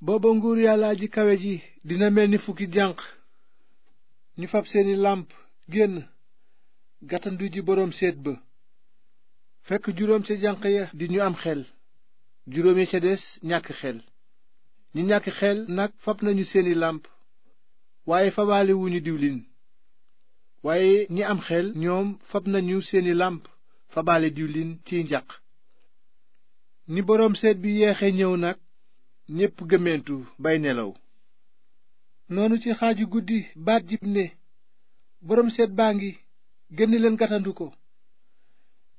booba nguur yàlla ji kawe ji dina mel ni fukki jànq ñu fab seeni làmp génn gàttandu ji boroom seet ba fekk juróom ca jànq ya di ñu am xel juróom ya ca des ñàkk xel ñi ñàkk xel nag fab nañu seeni làmp waaye fabaale diwlin waaye ñi am xel ñoom fab nañu seeni làmp fabaale diwlin ciy njaq ni boroom seet bi yeexe ñëw nag ñépp gëmmentu bay nelaw noonu ci xaaju guddi baat jib ne boroom seet baa ngi génn leen gatandu ko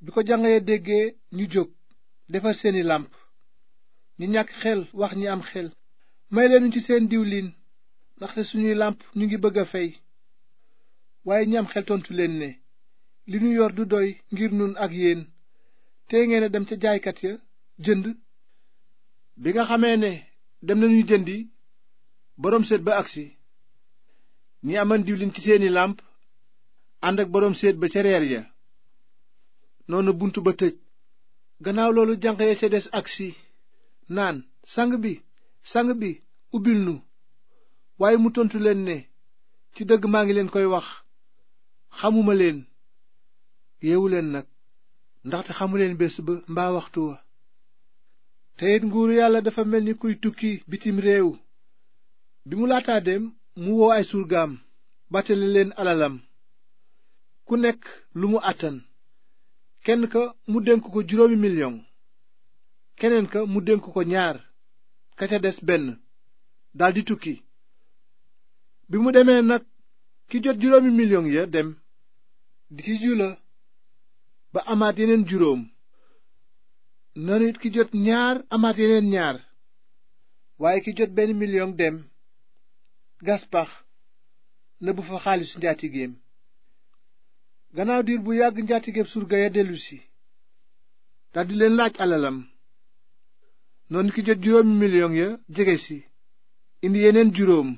bi ko janq ya déggee ñu jóg defar seeni làmp ñi ñàkk xel wax ñi am xel may leen ci seen diwlin ndaxte suñuy làmp ñu ngi bëgg a fey waaye ñi am xel tontu leen ne li ñu yor du doy ngir nun ak yéen tey ngeen a dem ca jaaykat ya jënd bi nga xamee ne dem nañu jëndi boroom séet ba agsi ñi aman diwlin ci seeni làmp ànd ak boroom séet ba ca reer ya noonu bunt ba tëj gannaaw loolu jànq ya ca des agsi naan sang bi sang bi ubbil nu waaye mu tontu leen ne ci dëgg maa ngi leen koy wax xamuma leen yeewu leen nag ndaxte xamuleen bés ba mbaa waxtu wa te it yàlla dafa mel ni kuy tukki bitim réew bi mu laataa dem mu woo ay surgaam bàttale leen alalam ku nekk lu mu àttan kenn ka mu dénk ko juróomi million keneen ka mu dénk ko ñaar ka ca des benn daldi tukki bi mu demee nag ki jot juróomi million ya dem di ci jula ba amaat yeneen juróom noonu it ki jot ñaar amaat yeneen ñaar waaye ki jot benn million dem gaspax pax na bu fa xaalisu njaatigeem gannaaw diir bu yàgg njaatigeem surga ya dellusi daldi leen laaj alalam noonu ki jot juróomi million ya jege si indi yeneen juróom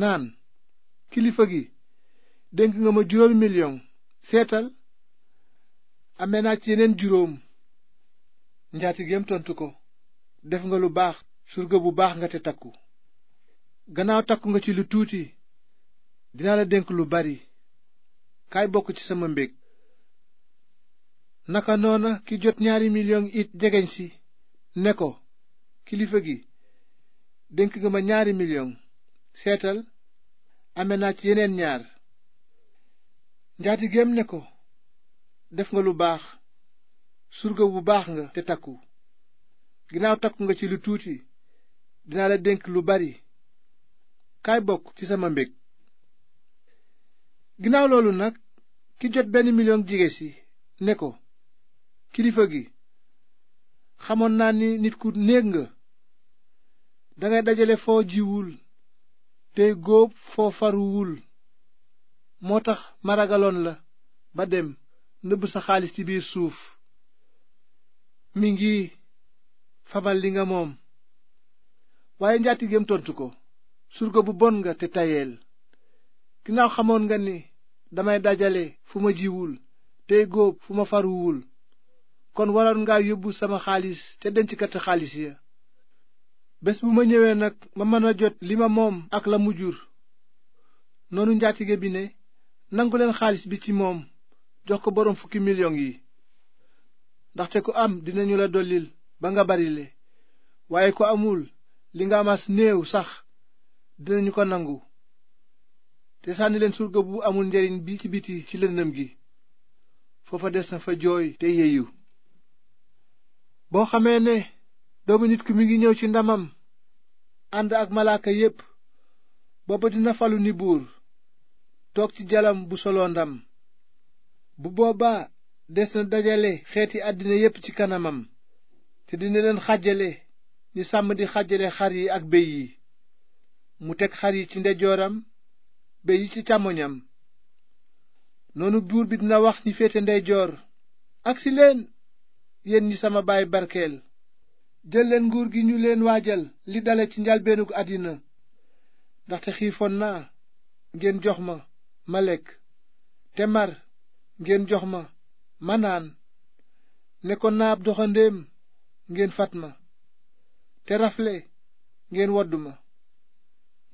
naan kilifa gi dénk nga ma juróomi million seetal amee naa ci yeneen juróom njaatigeem tontu ko def nga lu baax surga bu baax nga te takku gannaaw takku nga ci lu tuuti dinaa la dénk lu bari kaay bokk ci sama mbég naka noona ki jot ñaari million it jegeñ si ne ko kilifa gi dénk nga ma ñaari million seetal ame naa ci yeneen ñaar njaatigeem ne ko def nga lu baax surga bu baax nga te takku ginnaaw takku nga ci lu tuuti dinaa la dénk lu bari kaay bokk ci sama mbég ginnaaw loolu nag ki jot benn million jige si ne ko kilifa gi xamoon naa ni nit ku néeg nga dangay dajale foo jiwul tey góob foo moo tax ma ragaloon la ba dem nëbb sa xaalis ci biir suuf mi ngi fabal li nga moom waaye njaatigeem tontu ko surga bu bon nga te tayeel ginnaaw xamoon nga ni damay dajale fu ma jiwul tey góob fu ma faruwul kon waroon ngaa yóbbu sama xaalis te denckati xaalis ya bés bu ma ñëwee nag ma mën a jot li ma moom ak la mu jur noonu njaatige bi ne nangu leen xaalis bi ci moom jox ko boroom fukki million yi ndaxte ku am dinañu la dollil ba nga barile waaye ku amul li nga am as néew sax dinañu ko nangu te sànni leen surga bu amul njariñ bi ci biti ci lëndëm gi foofa des na fa jooy te yeeyu boo xamee ne doomu nit ki mi ngi ñëw ci ndamam ànd ak malaaka yépp booba dina falu ni buur toog ci jalam bu soloo ndam bu boobaa des na dajale xeeti àddina yépp ci kanamam te dina leen xajale ni sàmm di xajale xar yi ak béy yi mu teg xar yi ci ndeyjooram béy yi ci càmmoñam noonu buur bi dina wax ñi féete ndeyjoor agsi leen yéen ñi sama baay barkeel jël leen nguur gi ñu leen waajal li dale ci njalbeenug àddina ndaxte xiifoon naa ngeen jox ma ma lekk te mar ngeen jox ma manaan naan ne ko naab doxandéem ngeen fat ma te rafle ngeen wodd ma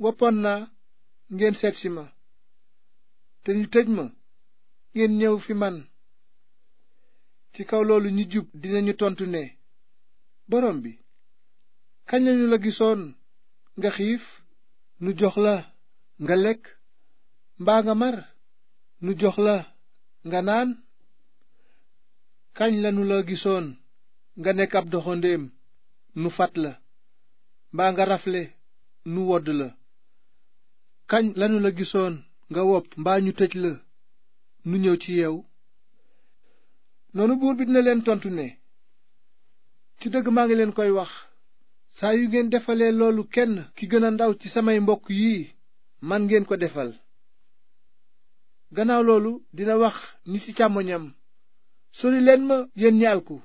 woppoon naa ngeen seetsi ma te ñu tëj ma ngeen ñëw fi man ci kaw loolu ñu jub dinañu tontu ne borom bi kañ lañu la gisoon nga xiif nu jox la nga lekk mbaa nga mar nu jox la nga naan kañ lanu la gisoon nga nekk ab doxandéem nu fat la mbaa nga raflee nu wodd la kañ lanu la gisoon nga wopp mbaa ñu tëj la nu ñëw ci yow noonu buur bi dina leen tontu ne ci dëgg maa ngi leen koy wax saa yu ngeen defalee loolu kenn ki gën a ndaw ci samay mbokk yii man ngeen ko defal gannaaw loolu dina wax ni ci càmmoñam sori leen ma yéen ñi alku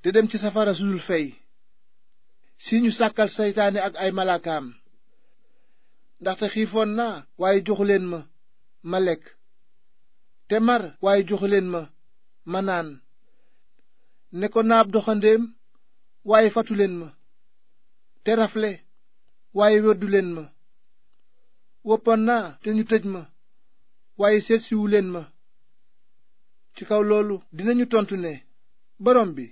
te dem ci safara su dul fey si ñu sàkkal seytaane ak ay malaakaam ndaxte xiifoon naa waaye joxu leen ma ma lekk te mar waaye joxu leen ma ma naan nekkoon naa ab doxandéem waaye fatu leen ma te rafle waaye weddu leen ma woppoon naa te ñu tëj ma waaye seetsiwu leen ma ci kaw loolu dinañu tontu ne borom bi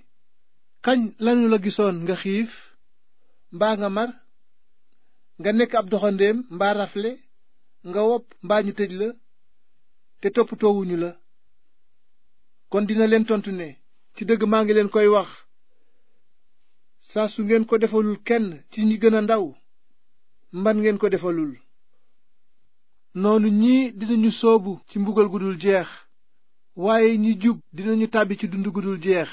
kañ lanu la gisoon nga xiif mbaa nga mar nga nekk ab doxandéem mbaa rafle nga wopp mbaa ñu tëj la te toppatoowuñu la kon dina leen tontu ne ci dëgg maa ngi leen koy wax saa su ngeen ko defalul kenn ci ñi gën a ndaw mban ngeen ko defalul noonu ñii dinañu soobu ci mbugal gu dul jeex waaye ñi jub dinañu tàbbi ci dund gu dul jeex